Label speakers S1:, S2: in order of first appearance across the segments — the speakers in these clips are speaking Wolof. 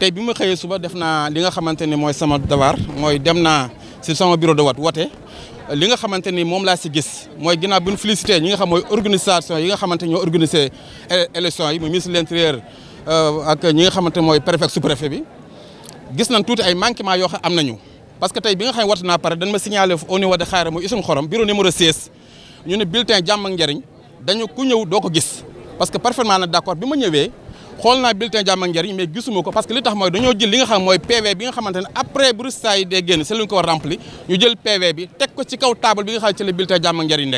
S1: tey bi ma xëyee suba def naa li nga xamante ne mooy sama devoir mooy dem naa si sama bureau de vote wote li nga xamante ni moom laa si gis mooy ginnaaw bu ñu félicité ñi nga xam mooy organisation yi nga xamante ñoo organisé élection yi muy ministre de euh, ak ñi nga xamante mooy préfet sous préfet bi gis nañ tuuti ay manquement yoo xam am na nañu parce que tey bi nga xam ne wat naa pare dañ ma signalé au niveau de xaara muy isum xorom bureau numéro 16 ñu ne bulletin jàmm ak njëriñ dañu ku ñëw doo ko gis parce que parfaitement na d'accord bi ma ñëwee xool naa bulletin jàmm ak njëriñ mais gisuma ko parce que li tax mooy dañoo jël li nga xam mooy PV bi nga xamante ne après bu résultat yi dee génn ko war rempli ñu jël PV bi teg ko ci kaw table bi nga xam ci la bulletin jàmm ak njëriñ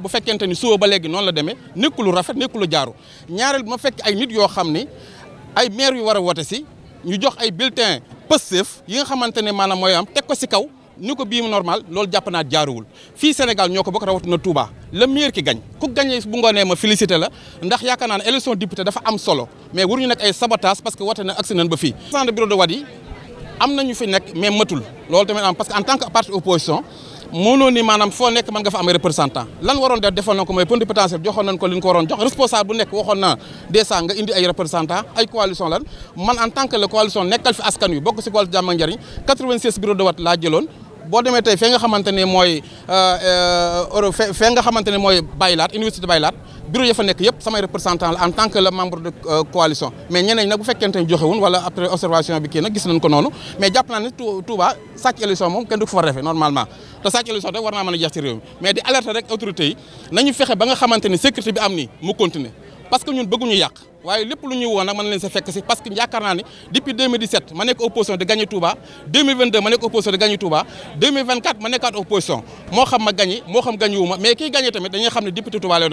S1: bu fekkente ni suba ba léegi la demee nekku lu rafet nekku lu jaaru ñaareel ma fekk ay nit yoo xam ne ay maire yu war a wote si ñu jox ay bulletin Pastef yi nga xamante ne maanaam mooy am teg ko si kaw ni ko bii normal loolu jàpp naa fii Sénégal ñoo ko bokk rawatina Touba le meilleur ki gañ ku gañ bu ngoonee ma félicité la ndax yaakaar naa ne député dafa am solo mais waruñu nekk ay sabotage parce que wate na agsi nañ ba fii centre bureau de vote yi am na ñu fi nekk mais matul loolu tamit am parce que en tant que parti opposition mënoon ni maanaam foo nekk mën nga fa am représentant lan waroon def defoon ko mooy point de la coalition boo demee tey fee nga xamante ne mooy euh, euh, euro fee nga xamante ne mooy Baylaat université Baylaat bureau ya fa nekk yëpp samay représentant la en tant que le membre de euh, coalition mais ñeneen nag bu fekkente ne joxewun wala après observation bi kii nag gis nañ ko noonu mais jàpp naa ne Touba sac élection moom kenn du ko fa refe normalement te sàcc élection rek war naa a jeex ci réew mi mais di alerter rek autorités yi nañu fexe ba nga xamante ne sécurité bi am nii mu continuer parce que ñun bëgguñu yàq waaye lépp lu ñuy woo nag a leen sa fekk si parce que yaakaar naa ne depuis 2017 ma nekk opposition de gagné Touba 2022 ma nekk opposition de gagné Touba 2024 ma nekkaat opposition moo xam ma gagné moo xam gagné wu mais kiy gagné tamit dañuy xam ne député Touba lay